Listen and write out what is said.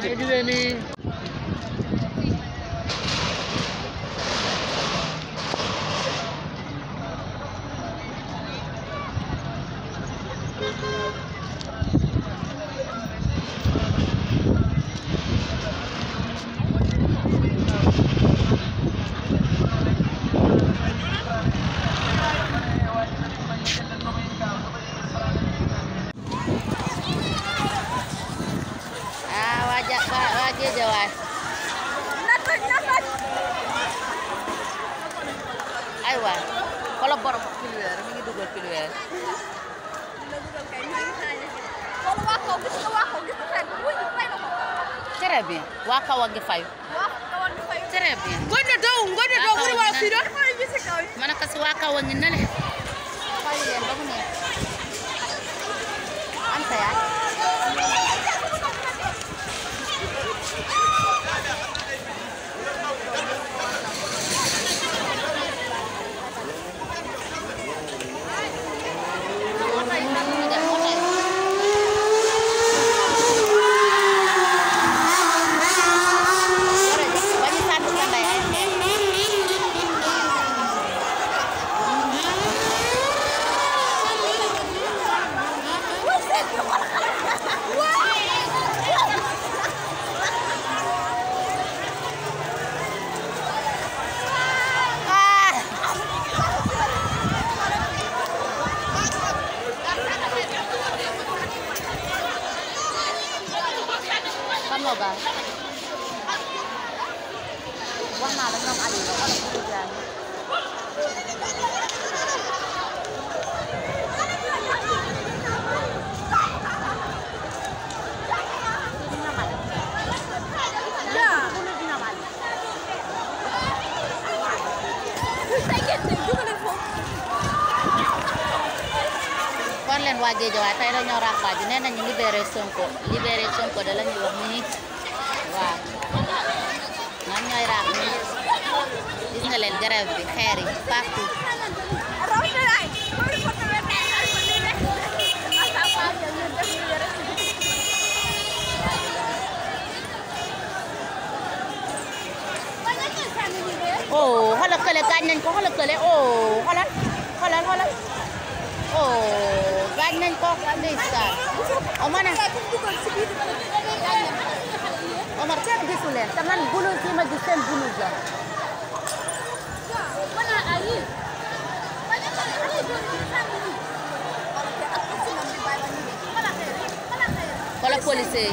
Ready, Lenny. wala waa kaw gis fay na ko. très bien a ngi Dow Ngoné waa kaw a ngi naan waa kaw a ngi nale. fay leen ba mu Touba wax naa la ñoom Aliou naan leen waa Géejawaay tey dañoo ràppaaju nee nañu libéré Sonko libéré Sonko da la ñuy wax nii waaw ñoom ñooy ràpp nii gis nga leen grève bi xeer yi partout oh xoolal kële gaañ nañ ko xoolal kële oh, oh gaañ nañ kooku ndeysaan Omar Omar kenn gisu leen te man blouse yi ma gis seen blouse la wala police yi